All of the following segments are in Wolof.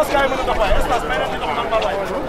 espace gars yi mën a dox waaye espace may leen di dox normal waaye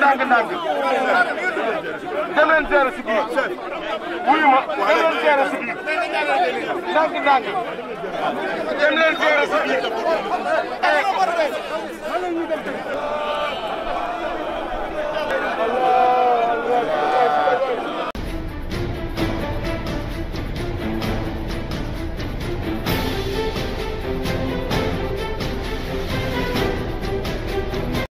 ndànk-ndànk dem leen teel a si biir wuyu ma dem leen teel a si biir ndànk-ndànk dem leen